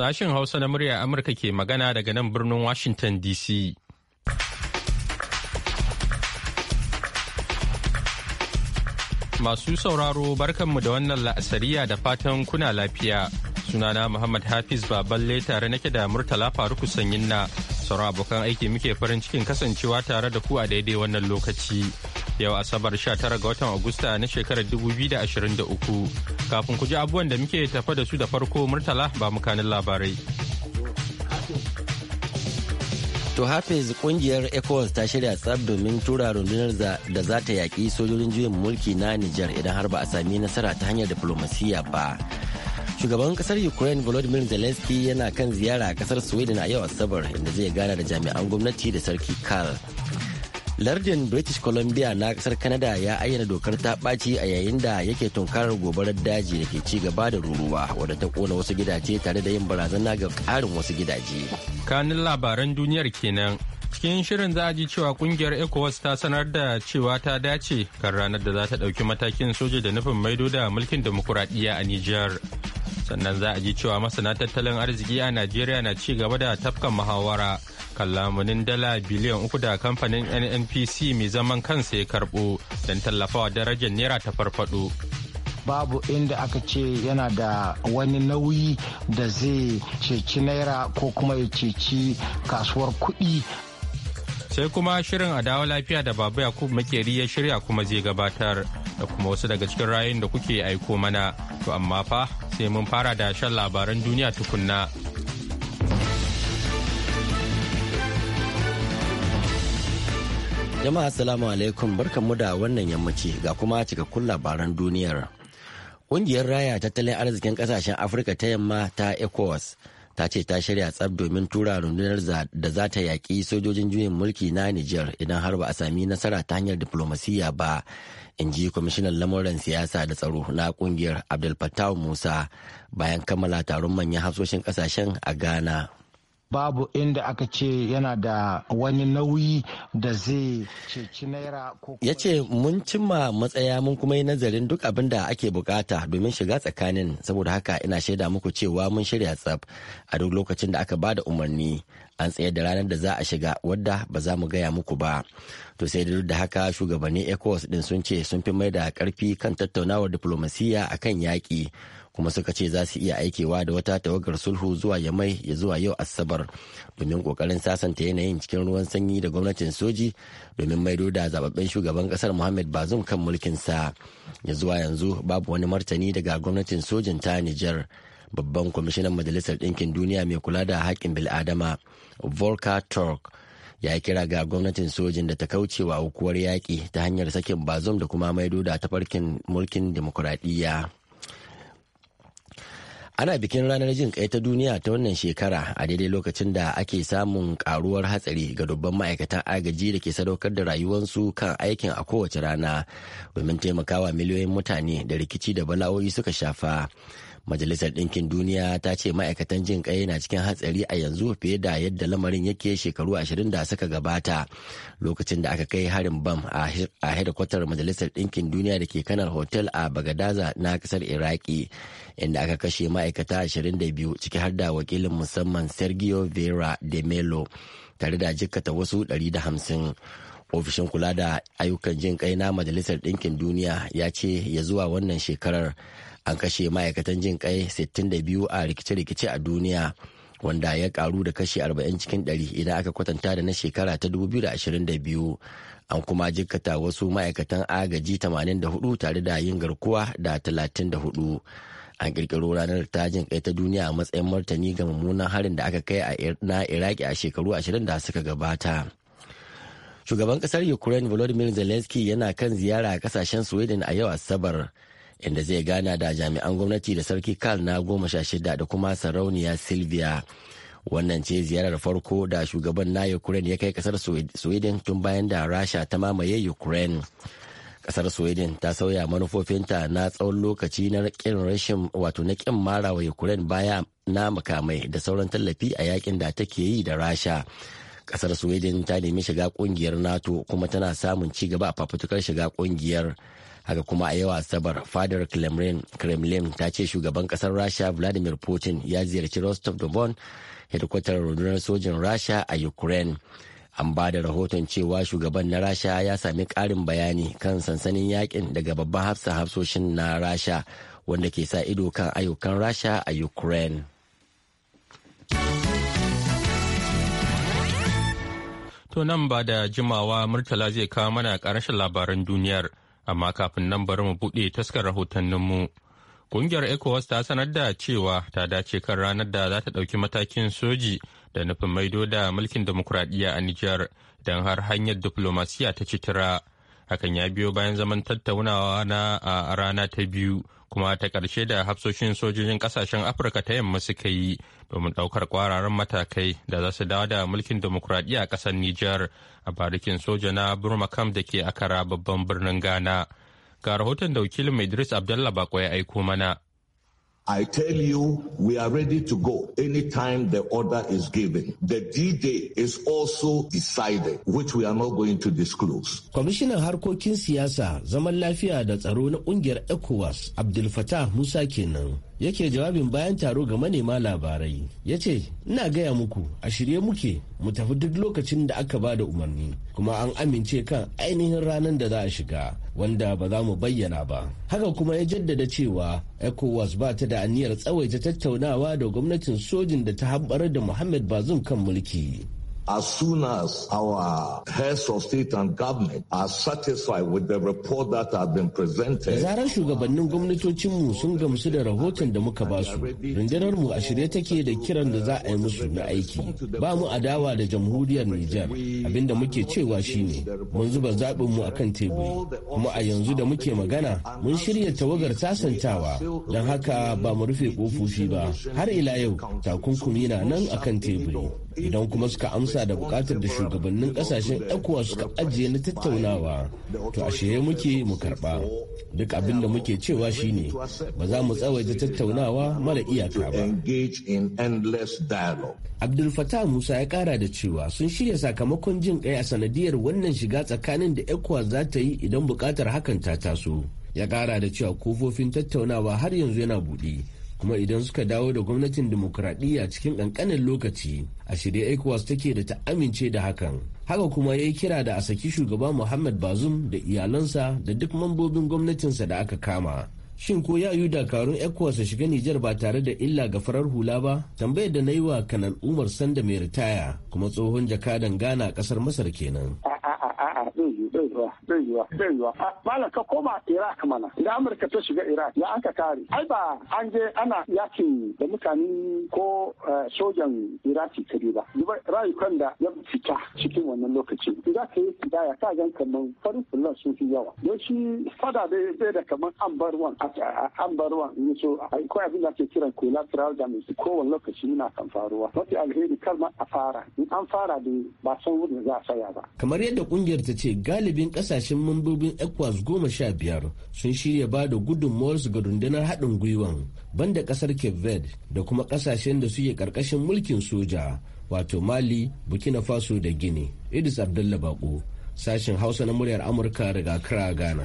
Sashen Hausa na murya Amurka ke magana daga nan birnin Washington DC. Masu sauraro barkanmu da wannan la'asariya da fatan kuna lafiya. Sunana Muhammad Hafiz Baballe tare nake da Murtala Faruku Sanyin na abokan aiki muke farin cikin kasancewa tare da ku a daidai wannan lokaci. yau Asabar 19 ga watan Agusta na shekarar 2023. Kafin ku ji abubuwan da muke tafa da su da farko Murtala ba mukanin labarai. To Hafiz kungiyar ECOWAS ta shirya tsab domin tura rundunar da za ta yaƙi sojojin juyin mulki na Nijar idan har ba a sami nasara ta hanyar diplomasiya ba. shugaban kasar ukraine volodymyr zelensky yana kan ziyara a kasar sweden a yau asabar inda zai gana da jami'an gwamnati da sarki karl lardin british columbia na kasar canada ya ayyana dokar ta ɓaci a yayin da yake tunkarar gobarar daji da ke ci gaba da ruruwa wadda ta kona wasu gidaje tare da yin barazana ga karin wasu gidaje kanin labaran duniyar kenan cikin shirin za a ji cewa kungiyar ecowas ta sanar da cewa ta dace kan ranar da za ta ɗauki matakin soja da nufin maido da mulkin demokuraɗiyya a niger sannan za a ji cewa masana tattalin arziki a najeriya na ci gaba da tafkan muhawara kan lamunin dala biliyan uku da kamfanin nnpc mai zaman kansa ya karbo don tallafawa darajar naira ta farfado babu inda aka ce yana da wani nauyi da zai ceci naira ko kuma ya ceci kasuwar kuɗi sai kuma shirin a dawo lafiya da babu yakubu makeri ya shirya kuma zai gabatar da kuma wasu daga cikin rayun da kuke aiko mana to amma fa sai mun fara da shan labaran duniya tukunna. Jama'a Assalamu alaikum mu da wannan yammaci ga kuma cikakkun labaran duniyar. Ƙungiyar raya tattalin arzikin ƙasashen Afirka ta yamma ta ECOWAS ta ce ta shirya tsab domin tura rundunar da za ta yaƙi sojojin juyin mulki na Nijar idan har ba a sami nasara ta hanyar diflomasiyya ba, in ji kwamishinan lamuran siyasa da tsaro na kungiyar Abdul Fattah Musa bayan kammala taron manyan hafsoshin kasashen a Ghana. babu inda aka ce yana da wani nauyi da zai ceci naira ko ya ce mun cimma matsaya mun kuma yi nazarin duk abin da ake bukata domin shiga tsakanin saboda haka ina shaida muku cewa mun shirya tsaf a duk lokacin da aka ba da umarni an tsaye da ranar da za a shiga wadda ba za mu gaya muku ba to sai da duk da haka shugabannin ecowas din sun ce sun fi mai da karfi kan tattaunawar diplomasiya akan yaki. kuma suka ce za su iya aikewa da wata tawagar sulhu zuwa yamai ya zuwa yau asabar domin kokarin sasanta yanayin cikin ruwan sanyi da gwamnatin soji domin maido da zababben shugaban kasar muhammad bazum kan mulkinsa ya zuwa yanzu babu wani martani daga gwamnatin sojin ta nijar babban kwamishinan majalisar ɗinkin duniya mai kula da haƙƙin bil'adama volker turk ya kira ga gwamnatin sojin da ta kauce wa aukuwar yaƙi ta hanyar sakin bazum da kuma maido da tafarkin mulkin demokuraɗiyya. ana bikin ranar jin kai ta duniya ta wannan shekara a daidai lokacin da ake samun karuwar hatsari ga dubban ma'aikatan agaji da ke sadaukar da rayuwarsu kan aikin a kowace rana domin taimakawa miliyoyin mutane da rikici da bala'o'i suka shafa majalisar ɗinkin duniya ta ce ma'aikatan jin kai na cikin hatsari a yanzu fiye da yadda lamarin yake shekaru ashirin da suka gabata lokacin da aka kai harin bam a hedikwatar majalisar ɗinkin duniya da ke kanar hotel a bagadaza na kasar iraki inda aka kashe ma'aikata ashirin da biyu ciki har da wakilin musamman sergio vera de melo tare da jikkata wasu 150 ofishin kula da ayyukan jin kai na majalisar ɗinkin duniya ya ce ya zuwa wannan shekarar an kashe ma'aikatan jin kai 62 a rikice-rikice a duniya wanda ya karu da kashe 40 cikin 100 idan aka kwatanta da na shekara ta 2022 an kuma jikkata wasu ma'aikatan agaji 84 tare da yin garkuwa da 34 an kirkiro ranar ta jin kai ta duniya a matsayin martani ga mummunan harin da aka kai na iraki a shekaru 20 da suka gabata shugaban kasar ukraine volodymyr zelensky yana kan ziyara a kasashen sweden a yau asabar inda zai gana da jami'an gwamnati da sarki karl na goma sha shida da kuma sarauniya silvia wannan ce ziyarar farko da shugaban na ukraine ya kai kasar sweden tun bayan da rasha ta mamaye ukraine kasar sweden ta sauya manufofinta na tsawon lokaci na kin rashin wato na kin mara wa ukraine baya na makamai da sauran tallafi a yakin da take yi da rasha kasar sweden ta nemi shiga kungiyar nato kuma tana samun ci gaba a fafutukar shiga kungiyar haka kuma a yau asabar fadar kremlin ta ce shugaban kasar rasha vladimir putin ya ziyarci rostov da don hedkwatar rundunar sojin rasha a ukraine an ba da rahoton cewa shugaban na rasha ya sami karin bayani kan sansanin yakin daga babban hafsa hafsoshin na rasha wanda ke sa ido kan ayyukan rasha a ukraine to nan ba da jimawa murtala zai kawo mana karashin labaran duniyar amma kafin nan bari mu buɗe taskar rahotanninmu. Ƙungiyar ECOWAS ta sanar da cewa ta dace kan ranar da za ta ɗauki matakin soji da nufin maido da mulkin demokuraɗiyya a Nijar don har hanyar diflomasiya ta citira. hakan ya biyo bayan zaman tattaunawa na a rana ta biyu kuma ta karshe da hafsoshin sojojin ƙasashen afirka ta yamma suka yi domin ɗaukar kwararan matakai da za su dawo da mulkin demokuraɗiyya a ƙasar nijar a barikin soja na burmakam da ke akara babban birnin ghana ga rahoton da wakilin idris abdullah bako ya aiko mana I tell you, we are ready to go anytime the order is given. The D-Day is also decided, which we are not going to disclose. Kwamishinan harkokin siyasa, zaman lafiya da tsaro na ƙungiyar ECOWAS, Abdul Fattah Musa kenan. yake jawabin bayan taro ga manema labarai ya ce ina gaya muku a shirye muke mu tafi duk lokacin da aka ba da umarni kuma an amince kan ainihin ranar da za a shiga wanda ba za mu bayyana ba haka kuma ya jaddada cewa ecowas ba ta da aniyar tsawaita tattaunawa da gwamnatin sojin da ta habbar da muhammad bazum kan mulki as soon as our heads of state and government are satisfied with the report that has been presented. Zarar shugabannin gwamnatocinmu sun gamsu da rahoton da muka basu. Rundunar mu a shirye take da kiran da za a yi musu na aiki. Ba mu adawa da jamhuriyar Nijar. da muke cewa shi ne mun zuba zaɓin mu akan teburi. Kuma a yanzu da muke magana mun shirya tawagar sasantawa don haka ba mu rufe kofofi ba. Har ila yau takunkumi na nan akan teburi. idan kuma suka amsa da bukatar da shugabannin kasashen ecowas suka ajiye na tattaunawa to a shirye muke mu karba duk abin da muke cewa shine ba za mu tsawaita tattaunawa mara iyaka ba abdul fatah musa ya kara da cewa sun shirya sakamakon jin kai a sanadiyar wannan shiga tsakanin da ecowas za ta yi idan bukatar hakan ta taso ya kara da cewa kofofin tattaunawa har yanzu yana buɗe kuma idan suka dawo da gwamnatin demokuraɗiyya cikin ƙanƙanin lokaci a shirye ecowas take da ta amince da hakan haka kuma ya yi kira da a saki shugaba muhammad bazum da iyalansa da duk mambobin gwamnatinsa da aka kama shin ko ya yi dakarun ecowas su shiga nijar ba tare da illa ga farar hula ba tambayar da na yi wa kanan umar sanda mai ritaya kuma tsohon jakadan ghana kasar masar kenan yiwa zai yiwa zai yiwa bala ka koma iraq mana da amurka ta shiga iraq ya aka kare ai ba an je ana yakin da mutane ko eh, sojan iraki kare ba rayukan da ya fita cikin wannan lokacin za ka yi kidaya ka gan kaman farin fulan sun fi yawa don shi fada da ya da kamar an bar wan an bar wan ne so ko abin da ake kiran collateral damage kowane lokaci yana kan faruwa mafi alheri kalmar ma a fara in an fara da ba san wurin za a saya ba kamar yadda kungiyar ta ce galibin kasashen mambobin ecowas goma sha biyar sun shirya ba da su ga rundunar haɗin gwiwan banda ƙasar cape verde da kuma ƙasashen da suke ƙarƙashin mulkin soja wato mali burkina faso da gini idis abdulla bako sashen hausa na muryar amurka daga kira ghana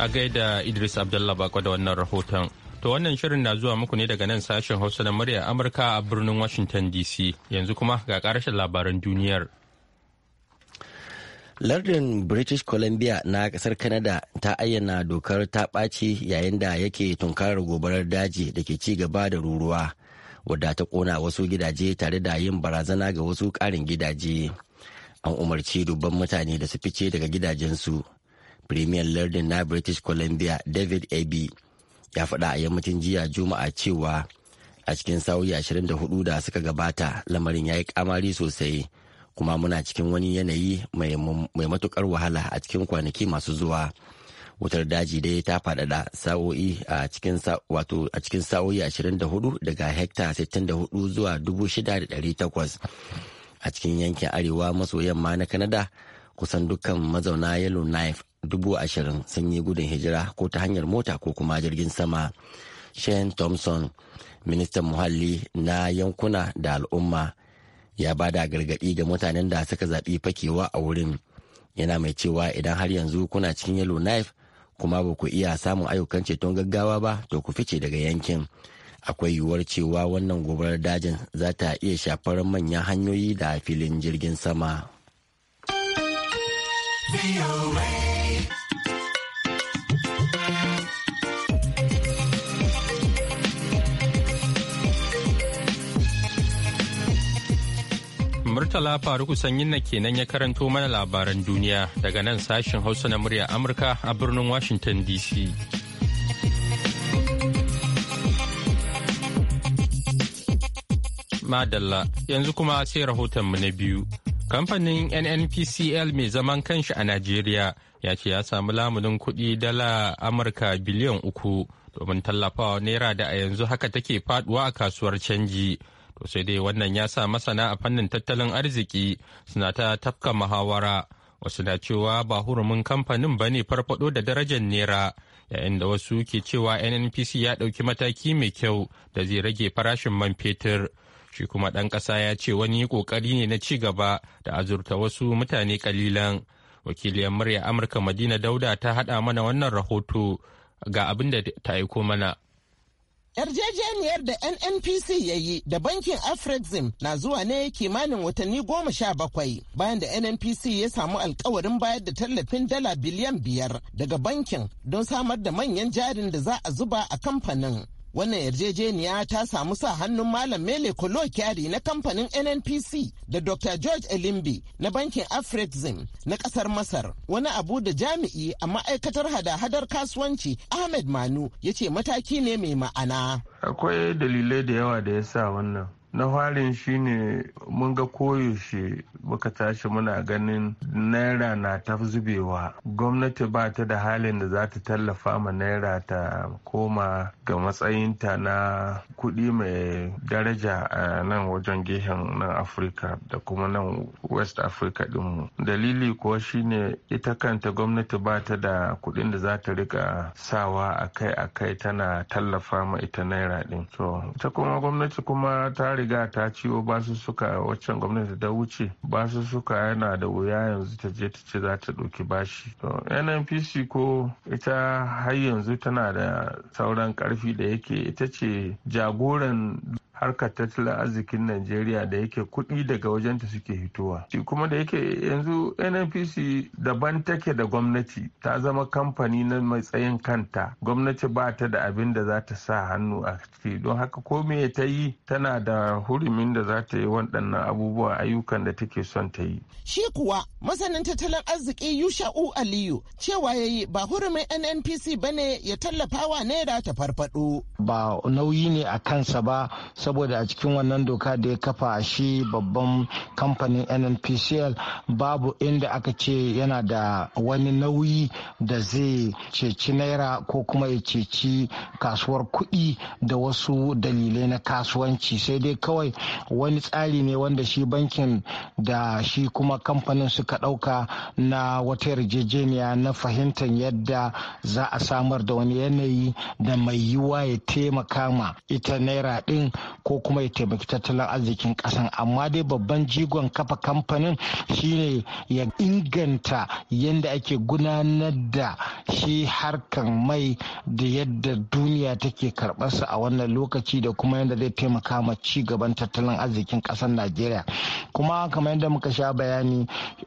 a gaida idris abdullah da wannan rahoton To wannan shirin na zuwa muku ne daga nan sashen Hausa da murya Amurka a birnin Washington DC. Yanzu kuma ga ƙarshen labaran duniyar. Lardin British Columbia na kasar Canada ta ayyana dokar ta ɓaci yayin da yake tunkarar gobarar daji da ke ci gaba da ruruwa wadda ta ƙona wasu gidaje tare da yin barazana ga wasu ƙarin gidaje. An umarci dubban mutane da su fice daga gidajensu. Premier Lardin na British Columbia David A.B. ya faɗa a yammacin jiya juma'a cewa a cikin sa'o'i 24 da suka gabata lamarin ya yi kamari sosai kuma muna cikin wani yanayi mai matukar wahala a cikin kwanaki masu zuwa wutar daji dai ta faɗaɗa sa'o'i a cikin a cikin sa'o'i 24 daga hekta 64 zuwa 6,800 a cikin yankin arewa maso yamma na kanada kusan dukkan mazauna yellowknife dubu ashirin sun yi gudun hijira ko ta hanyar mota ko kuma jirgin sama shane thompson ministan muhalli na yankuna da al'umma ya ba da gargaɗi ga mutanen da suka zaɓi fakewa a wurin yana mai cewa idan har yanzu kuna cikin yellowknife kuma ba ku iya samun ayyukan ceton gaggawa ba to ku fice daga yankin akwai yiwuwar cewa wannan gobarar dajin za ta iya shafar manyan hanyoyi da filin jirgin sama. Murtala Faruku Sanyin na kenan ya karanto mana labaran duniya daga nan sashen Hausa na murya Amurka a birnin Washington DC. Madalla yanzu kuma sai rahotonmu na biyu. Kamfanin NNPCL mai zaman kanshi a Najeriya ya ce ya samu lamunin kuɗi dala Amurka biliyan uku domin tallafawa Naira da a yanzu haka take faduwa a kasuwar canji. To sai dai wannan ya sa masana a fannin tattalin arziki suna ta tafka muhawara. Wasu na cewa ba hurumin kamfanin ba ne farfaɗo da darajar Naira. yayin da wasu ke cewa nnpc ya ɗauki mataki mai kyau da zai rage farashin man fetur shi kuma ɗan ƙasa ya ce wani ƙoƙari ne na ci gaba da azurta wasu mutane ƙalilan wakiliyar murya amurka madina dauda ta haɗa mana wannan rahoto ga abin da ta aiko mana Yarjejeniyar da NNPC ya yi da bankin Afrexim na zuwa ne kimanin watanni goma sha bakwai bayan da NNPC ya samu alkawarin bayar da tallafin dala biliyan biyar daga bankin don samar da manyan jarin da za a zuba a kamfanin. Wannan yarjejeniya ta samu sa hannun Malam Mele Kolo Kyari na kamfanin NNPC da Dr. George Elimbi na bankin Afrexim na kasar Masar. Wani abu da jami'i a ma'aikatar hada-hadar kasuwanci Ahmed Manu ya ce mataki ne mai ma'ana. Akwai dalilai da yawa da ya sa wannan. na farin ne mun ga koyaushe muka tashi muna ganin naira na ta zubewa gwamnati ba ta da halin da za ta tallafa ma naira ta koma ga matsayinta na kuɗi mai daraja a nan wajen gehen nan afirka da kuma nan west africa dinmu dalili kuwa shi ne ita kanta gwamnati ba ta da kuɗin da za ta rika sawa akai-akai tana tallafa ma ita naira din So ta kuma gwamnati kuma ta riga ta ciwo basussuka a waccan gwamnati da wuce basussuka yana da wuya yanzu ta je ta ce za ta ɗauki bashi nnpc ko ita har yanzu tana da sauran ƙarfi da yake ita ce jagoran harkar tattalin arzikin najeriya da yake kuɗi daga wajenta suke hitowa shi kuma da yake yanzu nnpc daban take da gwamnati ta zama kamfani na mai tsayin kanta gwamnati ba ta da abin da za ta sa hannu a ciki don haka ko me ta yi tana da hurumin da za ta yi waɗannan abubuwa ayyukan da take son ta yi shi kuwa masanin tattalin arziki yusha'u aliyu cewa ya yi ba hurumin nnpc bane ya tallafawa naira ta farfado ba nauyi ne a kansa ba saboda a cikin wannan doka da ya kafa shi babban kamfanin nnpcl babu inda aka ce yana da wani nauyi da zai ceci naira ko kuma ya ceci kasuwar kuɗi da wasu dalilai na kasuwanci sai dai kawai wani tsari ne wanda shi bankin da shi kuma kamfanin suka ɗauka na wata yarjejeniya na fahimtar yadda za a samar da wani yanayi da mai yiwuwa ya taimaka ma ita naira ɗin ko kuma ya taimaki tattalin arzikin kasan amma dai babban jigon kafa kamfanin shine ya inganta yadda ake gudanar da shi harkar mai da yadda duniya take karɓarsa a wannan lokaci da kuma yadda zai taimaka ma ci gaban tattalin arzikin kasan najeriya kuma kamar yadda muka sha bayani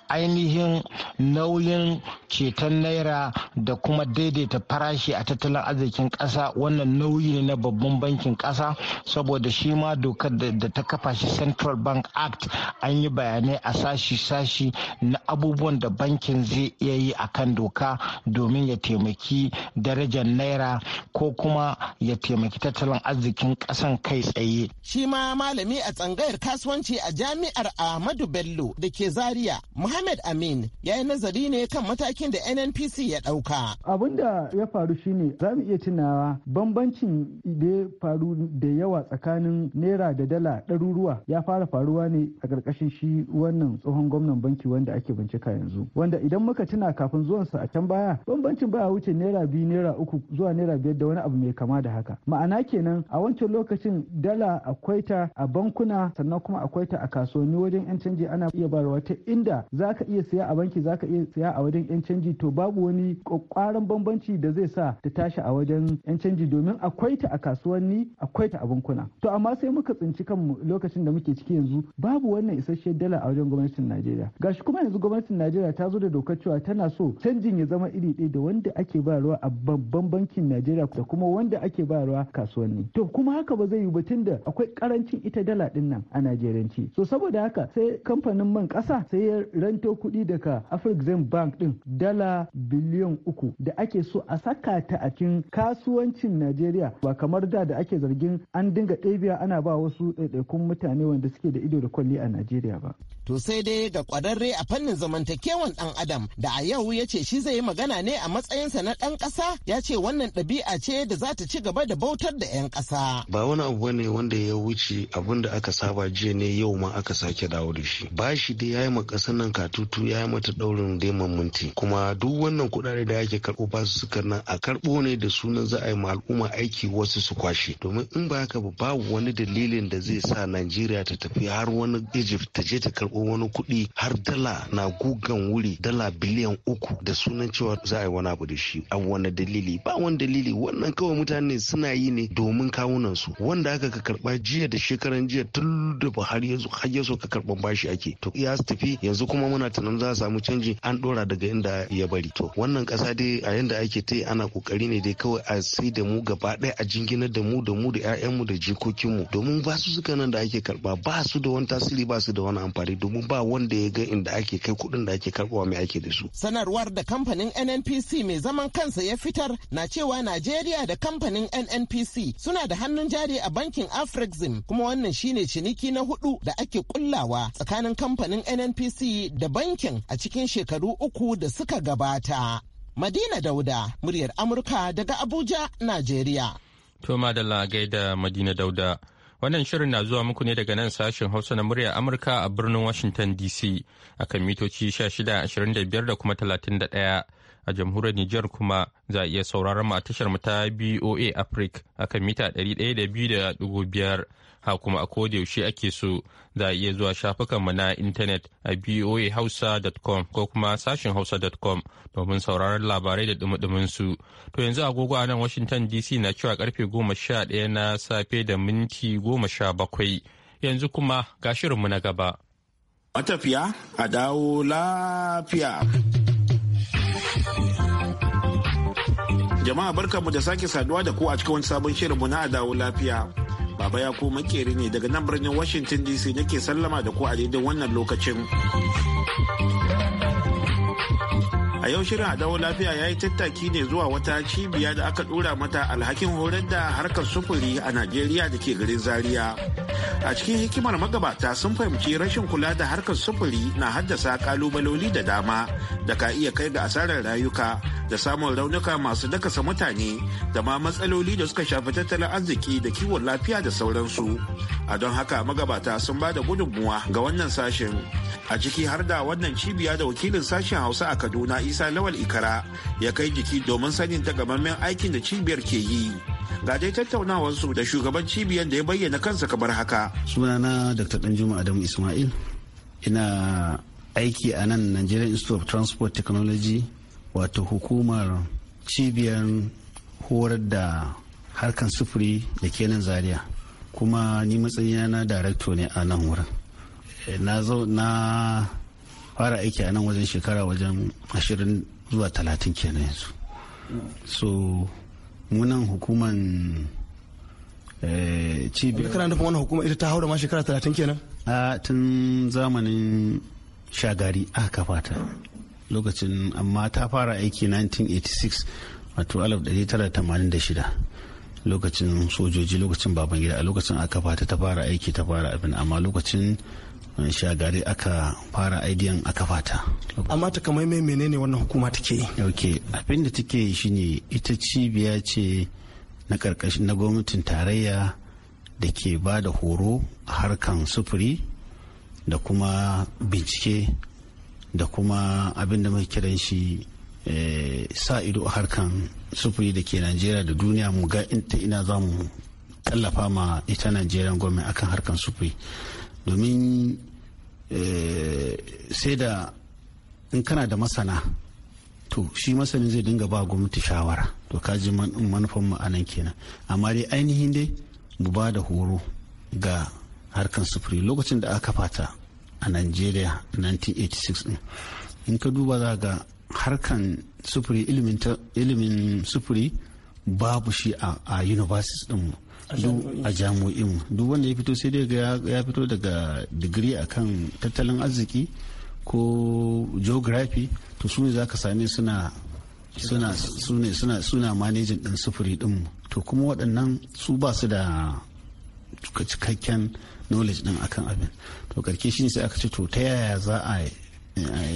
ainihin nauyin ceton naira da kuma daidaita farashi a tattalin arzikin ƙasa wannan nauyi ne na babban bankin ƙasa saboda shi ma dokar da ta kafa shi central bank act an yi bayanai a sashi-sashi na abubuwan da bankin zai iya yi a kan doka domin ya taimaki darajar naira ko kuma ya taimaki tattalin arzikin ƙasan kai tsaye shima malami a tsangayar kasuwanci a jami'ar ahmadu bello da ke zaria Mohammed Amin ya yi nazari ne kan matakin da NNPC ya ɗauka. Abin da ya faru shine za mu iya tunawa bambancin da ya faru da yawa tsakanin naira da dala ɗaruruwa ya fara faruwa ne a ƙarƙashin shi wannan tsohon gwamnan banki wanda ake bincika yanzu. Wanda idan muka tuna kafin zuwansa a can baya bambancin baya wuce naira biyu naira uku zuwa naira biyar da wani abu mai kama da haka. Ma'ana kenan a wancan lokacin dala akwai ta a bankuna sannan kuma akwai ta a kasuwanni wajen 'yan canji ana iya barawa ta inda zaka iya siya a banki zaka ka iya siya a wajen 'yan canji to babu wani kwakwaran bambanci da zai sa ta tashi a wajen 'yan canji domin akwai ta a kasuwanni akwai ta a bankuna to amma sai muka tsinci kanmu lokacin da muke ciki yanzu babu wannan isasshen dala a wajen gwamnatin najeriya gashi kuma yanzu gwamnatin najeriya ta zo da dokar cewa tana so canjin ya zama iri ɗaya da wanda ake bayarwa a babban bankin najeriya da kuma wanda ake bayarwa kasuwanni to kuma haka ba zai yi ba da akwai karancin ita dala ɗin nan a najeriyanci so saboda haka sai kamfanin man kasa sai ya fanto kuɗi daga afrexim bank ɗin dala biliyan uku da ake so a saka ta a cikin kasuwancin najeriya ba kamar da da ake zargin an dinga ɗabiya ana ba wasu ɗaiɗaikun mutane wanda suke da ido da kwalli a najeriya ba to sai dai ga kwararre a fannin zamantakewan ɗan adam da a yau ya ce shi zai yi magana ne a matsayinsa na ɗan ƙasa ya ce wannan ɗabi'a ce da za ta ci gaba da bautar da 'yan ƙasa ba wani abu ne wanda ya wuce abin da aka saba jiya ne yau ma aka sake dawo da shi ba shi dai ya yi ma ƙasar nan katutu ya yi mata daurin daiman minti kuma duk wannan kudade da ake karbo ba su suka nan a karbo ne da sunan za a yi ma al'umma aiki wasu su kwashe domin in ba haka ba babu wani dalilin da zai sa Najeriya ta tafi har wani Egypt ta je ta karbo wani kudi har dala na gugan wuri dala biliyan uku da sunan cewa za a yi wani abu da shi a wani dalili ba wani dalili wannan kawai mutane suna yi ne domin kawunan su wanda aka ka karba jiya da shekaran jiya tun da Buhari har yanzu ka karban bashi ake to ya tafi yanzu kuma muna tunanin za a samu canji an dora daga inda ya bari to wannan kasa dai a yanda ake ta ana kokari ne dai kawai a sai da mu gaba ɗaya a jinginar da mu da mu da 'ya'yanmu da jikokinmu domin ba su suka nan da ake karba ba su da wani tasiri ba su da wani amfani domin ba wanda ya ga inda ake kai kuɗin da ake karbawa mai ake da su sanarwar da kamfanin nnpc mai zaman kansa ya fitar na cewa najeriya da kamfanin nnpc suna da hannun jari a bankin afrexim kuma wannan shine ciniki na hudu da ake kullawa tsakanin kamfanin nnpc da bankin a cikin shekaru uku da suka gabata. Madina Dauda, muryar Amurka daga Abuja, Najeriya. To Madalla gaida Madina Dauda. Wannan shirin na zuwa muku ne daga nan sashen Hausa na muryar Amurka a birnin Washington DC akan mitoci 1625 da kuma 31 a jamhuriyar Nijar kuma za a iya sauraron mu a tashar mu ta BOA Africa akan mita 102.5 ha kuma a yaushe ake so za a iya zuwa shafukanmu na intanet a voahausa.com ko kuma sashin hausa.com domin sauraron labarai da dumudumin su. To yanzu agogo a nan Washington DC na cewa karfe goma sha ɗaya na safe da minti goma sha bakwai. Yanzu kuma ga shirinmu na gaba. Matafiya a dawo lafiya. Jama'a barkanmu da sake saduwa da ku a cikin wani sabon shirinmu na a dawo lafiya. Baba ya makeri ne daga nan birnin Washington DC nake sallama da ku a daidai wannan lokacin. a yau shirin a dawo lafiya ya yi tattaki ne zuwa wata cibiya da aka dora mata alhakin horar da harkar sufuri a najeriya da ke garin zaria a cikin hikimar magabata sun fahimci rashin kula da harkar sufuri na haddasa kalubaloli da dama da ka iya kai ga asarar rayuka da samun raunuka masu dakasa mutane da ma matsaloli da suka shafi tattalin arziki da kiwon lafiya da sauransu a don haka magabata sun ba da gudunmuwa ga wannan sashen a ciki har da wannan cibiya da wakilin sashen hausa a kaduna isa lawal ikara ya kai jiki domin sanin tagamammen aikin da cibiyar ke yi ga dai tattaunawarsu da shugaban cibiyar da ya bayyana kansa kamar haka sunana dr danjuma adamu ismail ina aiki a nan nigerian institute of transport technology wato hukumar cibiyar horar da harkan sufuri da kenan zaria kuma ni matsayina na director ne a nan wurin eh, na fara aiki a nan wajen shekara wajen ashirin zuwa talatin kenan yanzu so munan hukuman eh, cibiyar kana nufin wannan hukuma ita ta haura ma shekara talatin kenan a tun zamanin shagari aka kafata lokacin amma ta fara aiki 1986 wato 1986 lokacin sojoji lokacin baban gida a lokacin aka fata ta fara aiki ta fara abin amma lokacin gari aka fara aidiyan a kafata. amma ta kamar mai menene wannan hukuma take yi ok abin da take yi shine ita cibiya ce na karkashin na gwamnatin tarayya da ke ba da horo a harkan sufuri da kuma bincike da kuma abin da mai kiran shi eh, sa ido a harkan sufuri da ke najeriya da duniya mu ga ina za mu tallafa ma ita najeriya gwamnati akan harkan sufuri domin eh, sai da in kana da masana to shi masanin zai dinga ba gwamnati shawara to ka ji manufan mu kenan amma dai ainihin dai mu ba da horo ga harkan sufuri lokacin da aka fata a nigeria 1986 in ka duba za ga harkan sufuri ilimin sufuri babu shi a universities mu. a jami'in duk wanda ya fito sai dai ya fito daga digiri akan tattalin arziki ko geography to su ne za ka sami suna suna suna suna suna manajin din sufuri din to kuma waɗannan su ba su da cikakken knowledge din akan abin to karke shi sai aka ce to ta yaya za a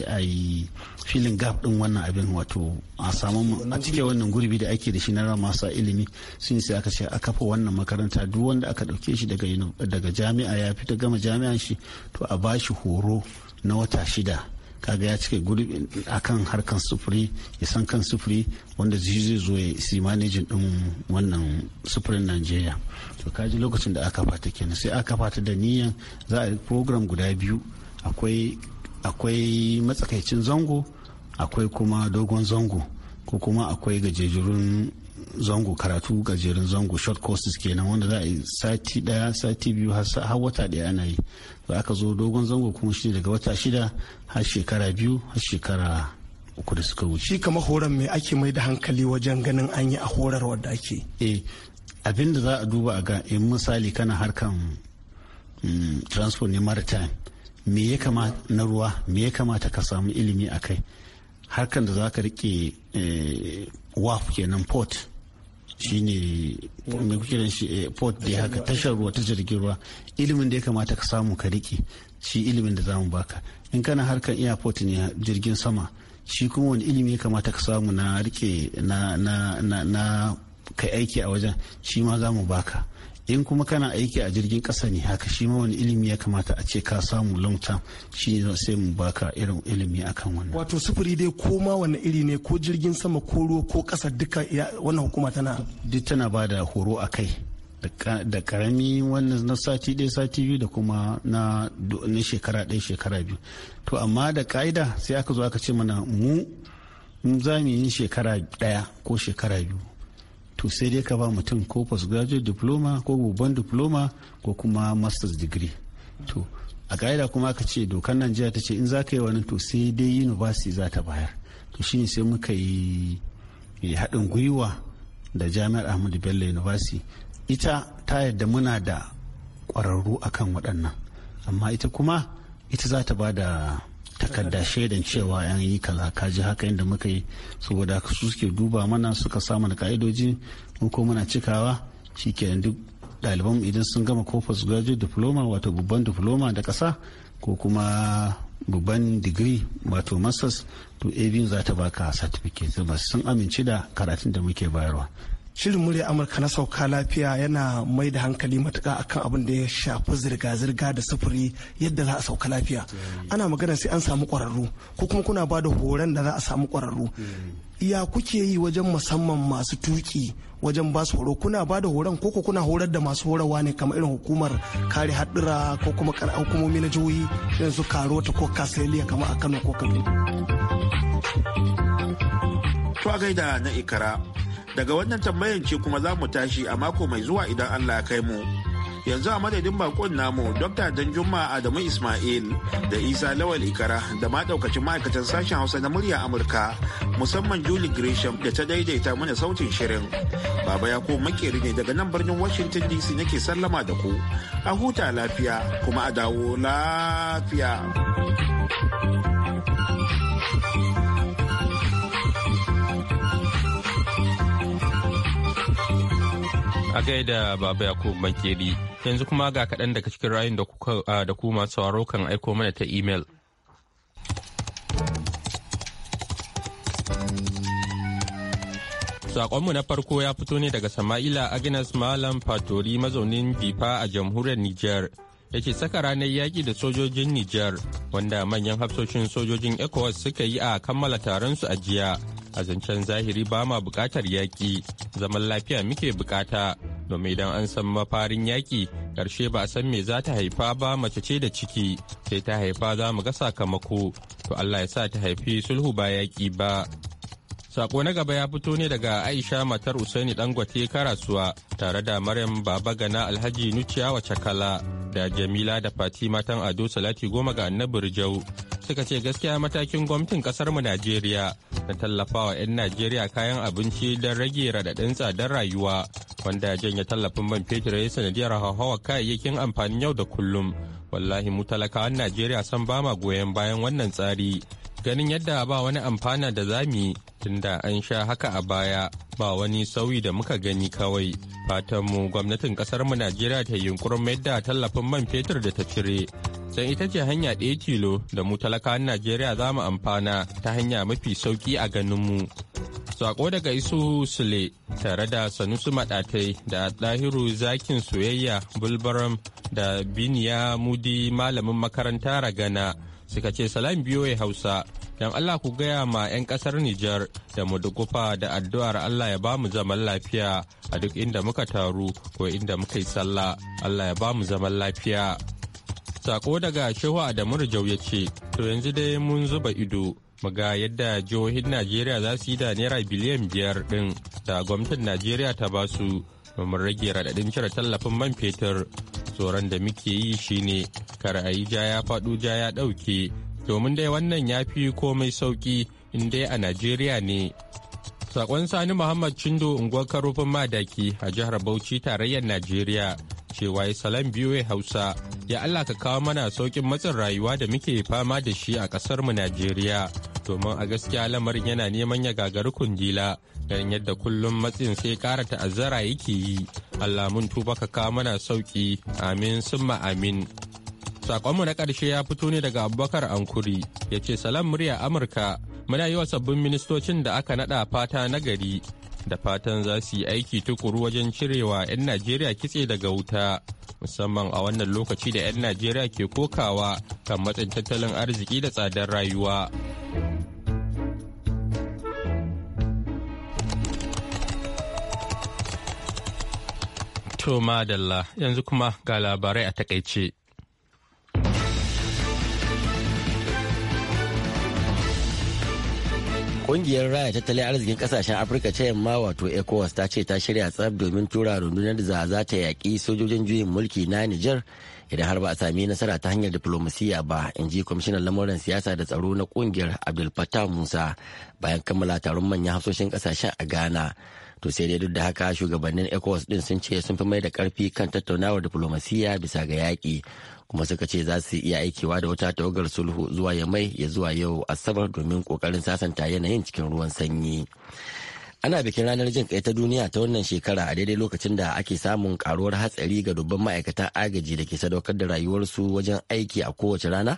a yi filin gap din wannan abin wato a samu a cike wannan gurbi da ake da shi na masu ilimi sun sai aka ce a kafa wannan makaranta duk wanda aka dauke shi daga jami'a ya fita gama jami'an shi to a bashi horo na wata shida kaga ya cika gurbi akan harkan sufuri ya san kan sufuri wanda zai zo ya si manajin din wannan sufurin najeriya to kaji lokacin da aka fata kenan sai aka fata da niyan za a yi program guda biyu akwai akwai matsakaicin zango akwai kuma dogon zango ko kuma akwai gajejerun zango karatu gajerun zango short courses kenan wanda za a yi sati daya sati biyu har wata daya ana yi za aka zo dogon zango kuma shi daga wata shida har shekara biyu har shekara uku da suka wuce shi kamar horon me ake mai da hankali wajen ganin an yi a horar wadda ake eh abin da za a duba a ga in misali kana harkan mm, transport ne maritime me ya kamata na ruwa me ya kamata ka samu ilimi a kai harkar da za ka rike eh, waf kenan port shine mai kuke shi eh, port da haka tashar ruwa ta jirgin ruwa ilimin da ya kamata ka samu ka rike shi ilimin da zamu baka in kana harkar airport ne jirgin sama shi kuma wani ilimi ya kamata ka samu na rike na ka aiki a wajen shi ma zamu baka in kuma kana aiki a jirgin kasa ne haka shi ma wani ilimi ya kamata a ce ka samu long term shi sai mu baka irin ilimi akan wannan wato sufuri dai ko ma wani iri ne ko jirgin sama ko ruwa ko kasa duka wannan hukuma tana duk tana ba da horo a kai da karami wannan na sati ɗaya sati biyu da kuma na shekara ɗaya shekara biyu to amma da ka'ida sai aka zo aka ce mana mu za mu yi shekara ɗaya ko shekara biyu to sai dai ka ba mutum ko postgraduate diploma ko babban diploma ko kuma master's degree to a ka'ida kuma aka ce dokar najeriya ta ce in za ka yi wani to sai dai university za ta bayar to ne sai muka yi haɗin gwiwa da jami'ar ahmadu bello university ita ta yadda muna da ƙwararru akan waɗannan amma ita kuma ita za ta ba da takarda shaidan cewa yan yi kaza ka ji haka inda muka yi saboda haka su suke duba mana suka sa mana ka'idoji mu ko muna cikawa shi ke duk ɗaliban idan sun gama ko postgraduate diploma wato babban diploma da ƙasa ko kuma babban digiri wato masters to abin za ta baka certificate sun amince da karatun da muke bayarwa shirin murya amurka na sauka lafiya yana mai da hankali matuka akan abin da ya shafi zirga-zirga da sufuri yadda za a sauka lafiya ana magana sai an samu kwararru ko kuma kuna ba da horon da za a samu kwararru ya kuke yi wajen musamman masu tuki wajen basu horo kuna ba da horon ko kuna horar da masu horarwa ne kamar irin hukumar kare haɗura ko kuma hukumomi na jihohi irin su karota ko kasaliya kamar a kano ko kano. to a gaida na ikara daga wannan tambayan ce kuma za mu tashi a mako mai zuwa idan allah ya kai mu yanzu a madadin bakon namu dr danjuma adamu ismail da isa lawal ikara da ma daukacin ma'aikatan sashen hausa na murya amurka musamman julie gresham da ta daidaita mana sautin shirin baba ya koma makeri ne daga nan birnin washington dc nake sallama da ku a huta lafiya kuma a dawo lafiya A gaida Baba yakub Makeri, yanzu kuma ga kaɗan daga cikin rayun da ku masu sauraro kan aiko mana ta imel. saƙonmu na farko ya fito ne daga Sama'ila Agnes Malam Fatori mazaunin Bifa a jamhuriyar Nijar. da ke saka ranar yaƙi da sojojin Nijar wanda manyan hafsoshin sojojin ECOWAS suka yi a kammala taron su a jiya. A zancen zahiri ba ma buƙatar yaƙi, zaman lafiya muke buƙata domin idan an san mafarin yaƙi ƙarshe ba a san me za ta haifa ba mace ce da ciki sai ta haifa za mu ga sakamako to Allah ya sa ta haifi sulhu ba yaƙi ba. Sako na gaba ya fito ne daga Aisha matar Usaini Dangote Karasuwa tare da Maryam Babagana Alhaji Nuciyawa Cakala da Jamila da Fati matan Ado Salati goma ga Annabi Rijau suka ce gaskiya matakin gwamnatin kasar mu Najeriya na tallafawa 'yan Najeriya kayan abinci don rage raɗaɗin tsadar rayuwa wanda janye tallafin man fetur ya sanadiyar hauhawar kayayyakin amfanin yau da kullum. Wallahi mu talakawan Najeriya san ba ma goyon bayan wannan tsari ganin yadda ba wani amfana da za mu yi tunda an sha haka a baya ba wani sauyi da muka gani kawai fatanmu gwamnatin mu najeriya ta yunkurin mayar da tallafin man fetur da ta cire don ita ce hanya ɗaya tilo da mu talakawan najeriya za mu amfana ta hanya mafi sauki a ganinmu sako daga isu sule tare da sanusu maɗatai da ɗahiru zakin soyayya bulbaram da biniya mudi malamin makaranta ragana suka ce salam ya hausa don allah ku gaya ma 'yan kasar nijar da mu dukufa da addu'ar allah ya bamu zaman lafiya a duk inda muka taru ko inda muka yi sallah allah ya bamu zaman lafiya sako daga shehu adamu rijau ya ce to yanzu dai mun zuba ido muga yadda jihohin najeriya za su yi da naira biliyan biyar din da gwamnatin najeriya ta basu domin rage raɗaɗin cire tallafin man fetur tsoron da muke yi shine kar a yi ja ya faɗo ja ya ɗauke domin dai wannan ya fi komai sauƙi in dai a najeriya ne sakon sani muhammad cindo unguwar karofin madaki a jihar bauchi tarayyar najeriya cewa ya salam biyu hausa ya allah ka kawo mana sauƙin matsin rayuwa da muke fama da shi a ƙasarmu najeriya domin a gaskiya lamarin yana neman ya gagari kundila don yadda kullum matsin sai kara ta'azzara yake yi Allah mun tuba ka kawo mana sauki amin summa amin sakonmu na karshe ya fito ne daga abubakar ankuri ya ce salam murya amurka muna yi wa sabbin ministocin da aka nada fata na gari da fatan za su yi aiki tukuru wajen cirewa 'yan najeriya kitse daga wuta musamman a wannan lokaci da 'yan najeriya ke kokawa kan matsin tattalin arziki da tsadar rayuwa To madalla yanzu kuma ga labarai a takaice. Ƙungiyar raya tattalin arzikin kasashen Afirka ta yamma wato ECOWAS ta ce ta shirya tsab domin tura rundunar da za ta yaƙi sojojin juyin mulki na Nijar idan har ba a sami nasara ta hanyar diplomasiya ba in ji kwamishinan lamuran siyasa da tsaro na kungiyar Abdul Musa bayan kammala taron manyan hafsoshin kasashen a Ghana. to sai dai duk da haka shugabannin ecowas din sun ce sun fi mai da karfi kan tattaunawar diplomasiya bisa ga yaƙi kuma suka ce za su iya aikewa da wata tawagar sulhu zuwa ya mai ya zuwa yau asabar domin kokarin sasanta yanayin cikin ruwan sanyi ana bikin ranar jin kai ta duniya ta wannan shekara a daidai lokacin da ake samun karuwar hatsari ga dubban ma'aikatan agaji da ke sadaukar da rayuwarsu wajen aiki a kowace rana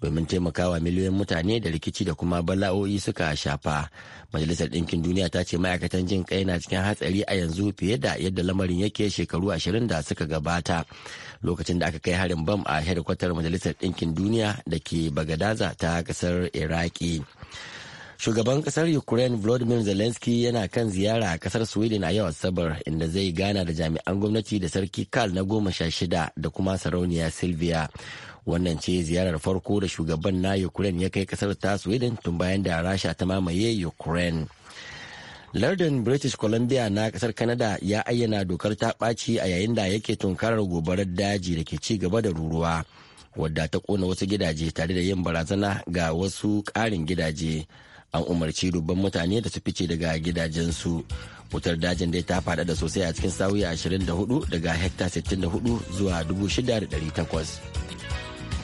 domin taimakawa miliyoyin mutane da rikici da kuma bala'o'i suka shafa majalisar ɗinkin duniya ta ce ma'aikatan jin kai na cikin hatsari a yanzu fiye da yadda lamarin yake shekaru ashirin da suka gabata lokacin da aka kai harin bam a hedikwatar majalisar ɗinkin duniya da ke bagadaza ta ƙasar iraki Shugaban kasar Ukraine Volodymyr Zelensky yana kan ziyara a kasar Sweden a yau Asabar inda zai gana da jami'an gwamnati da sarki Karl na goma sha shida da kuma sarauniya Sylvia. Wannan ce ziyarar farko da shugaban na Ukraine ya kai kasar ta Sweden tun bayan da Rasha ta mamaye Ukraine. lardin british columbia na kasar canada ya ayyana dokar ta ɓaci a yayin da yake tunkarar gobarar daji da ke ci gaba da ruruwa wadda ta kona wasu gidaje tare da yin barazana ga wasu ƙarin gidaje an umarci dubban mutane da su fice daga gidajensu wutar dajin dai ta faɗa da sosai a cikin sauyi 24 daga hekta 64 zuwa 6,800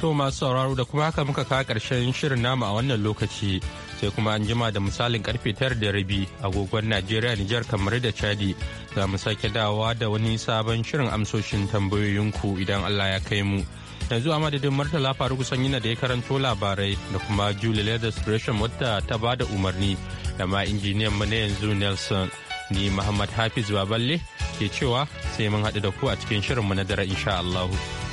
to masu sauraro da kuma haka muka kawo ƙarshen shirin namu a wannan lokaci sai kuma an jima da misalin karfe tara da rabi agogon najeriya nijar kamar da chadi za mu sake dawa da wani sabon shirin amsoshin tambayoyinku idan allah ya kai mu yanzu a madadin martala faruku sanyina da ya karanto labarai da kuma julie leathers gresham wadda ta ba da umarni da ma injiniyan mu na yanzu nelson ni muhammad hafiz baballe ke cewa sai mun haɗu da ku a cikin shirin mu na dare insha allahu